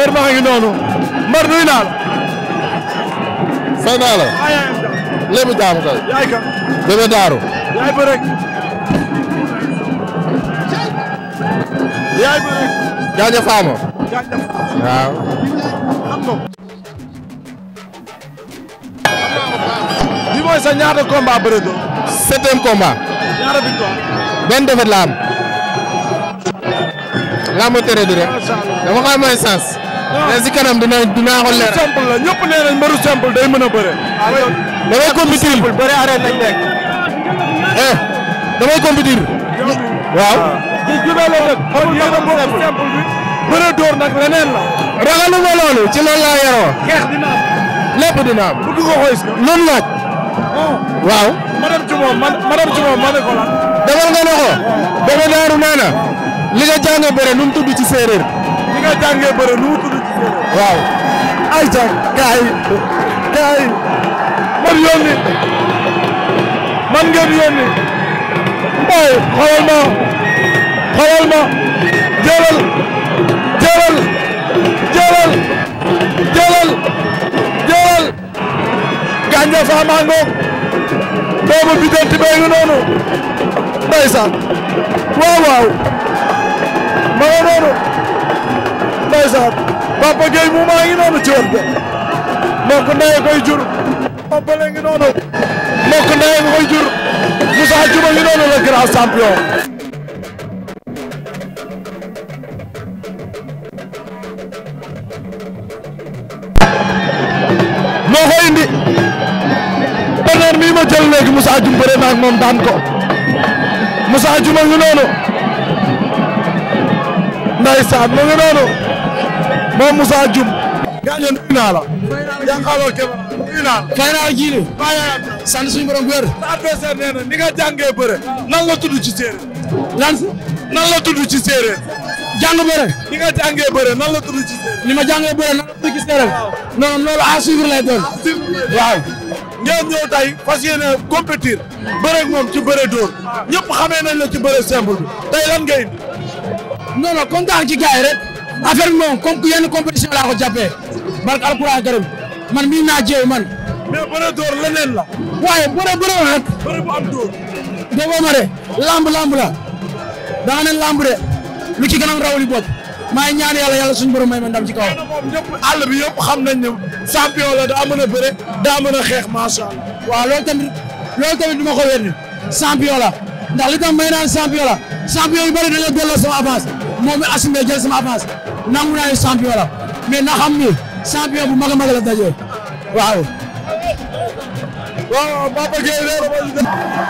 mbër ma ngi noonu mbër nuy naa la. fay naa la. kay. yaay daaru. yaay ba waaw. am mooy sa ñaata combat bëre do. septième benn défaite la am. laa tere di rek. dama koy may sens. Ah. mais si kanam dina dinaa ko leer. simple la ñëpp nee nañ mbaru simple day mën a bëre. Ah, damay compétir simple bëre arène lañ nekk. eh damay compétir. waaw. ji ah. jubee la nag. kon door nag leneen la. ragalu ma loolu ci loolu laa yaroo. xeex dina am. lépp waaw. ma dem ci moom ko la. demal nga ne ko. daaru nee na. li nga jàngee bëre nu mu ci séeréer. li waaw ayca kaay kaay man yónni man ngeen yónni mbay xoolal ma xoolal ma jëlal jëlal jëlal jëlal jëlal ganja faamaa ngoog doomu bidanti bee ngi noonu ndeysaan waaw waaw ma nga noonu ndeysaan Papa Gueye mu maa ngi noonu ci wër ba mbokk ndey koy jur Papa ngi noonu ngi noonu le grand champion moo ko indi partenaire mi ma jël léegi Moussa Dioum bëre naa moom daan ko Moussa Diouma ngi noonu ndeysaan mu ngi noonu moom Moussa Dioum. gaañoon nuyu naa la. jàkkaarloo Kébara nuyu naa la. fay naa jiile. sant suñu borom wér. sa adversaire na ni nga jàngee bëre. nan la tudd ci séeréer. lan nan la tudd ci séeréer. jàng bëre. ni nga jàngee bëre nan la tudd ci séeréer. ni ma jàngee bëre nan la tudd ci séeréer. non loolu à suivre lay doon. waaw. ngeen ñëw tey fas yéene compétir. bëre moom ci bëre dóor. ñëpp xamee nañ la ci bëre simple lan ngay indi. non non kontaan ci rek. affaire bi moom comme yenn compétition laa ko jàppee barke alxuraan man mii naa jéew man. mais bëre door leneen la. waaye bëre bëre rek. bëre bu ma de la da nga ne lamb de lu ci gën a raw li bopp maa ñaan yàlla yàlla suñu borom may ma ndam ci kaw ñëpp bi yëpp xam nañ ne champion la daa mën a bëre daa a xeex macha allah. waaw loolu tamit du ma ko wér ni la ndax li tax may naan champion la champion yu bëri dañoo delloo sama avance moom mi assumé jël avance. nangu naa ne champion la mais na xam ni champion bu mag a mag la daje waaw. waaw Papa Gueye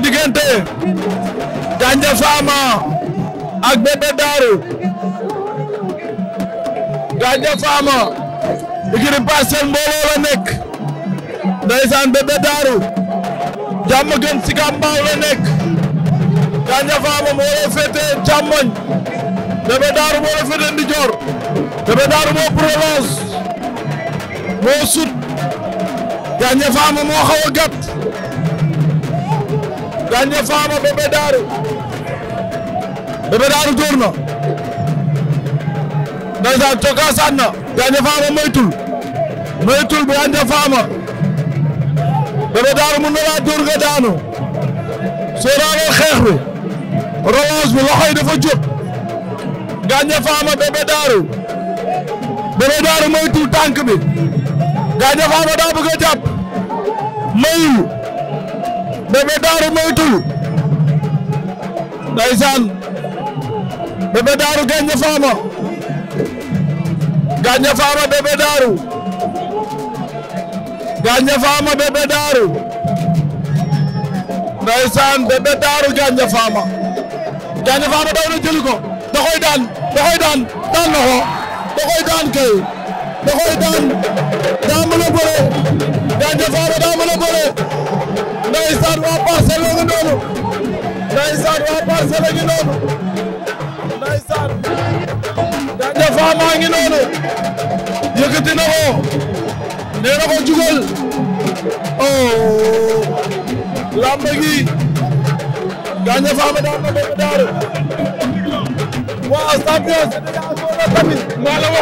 ci diggante Gandia Fama ak Bébé Daaru Gandia Fama ikiri Parcelles mbooloo la nekk ndeysaan Bébé Daaru jàmm gën si kàmbaaw la nekk Gandia Fama moo la féete càmmoñ Bébé Daaru moo la féete ndijoor Bébé Daaru moo prolonge moo sut Gandia Fama moo xaw a gàtt Gandia Fama Bébé Daaru Bébé Daaru dóor na ndeysaan cokkaasaan na Gandia Daaru mën na laa dóor nga daanu soo xeex bi relance bi loxo yi dafa jóg Gandia Daaru Bébé Daaru moytul tànk bi Gandia Fama daa bëgg a Bébé Daaru moytul ndeysaan Bébé Daaru Gandia Fama Gandia Daaru Gandia Fama Bébé Daaru ndeysaan Bébé Daaru Gandia Fama Gandia Fama daw na jëli ko daan daan na ko da daan kay da daan daa mën a bëre Gandia Fama daa mën ndeysaan waa parcelle a nga noonu ndeysaan waa parcelle la ngi noonu ndeysaan Gandia Fama a noonu yëkkati na ko nee na ko jugal oh làmb gi Gandia Fama daan na bëgg daaru waa champion Sénégal maa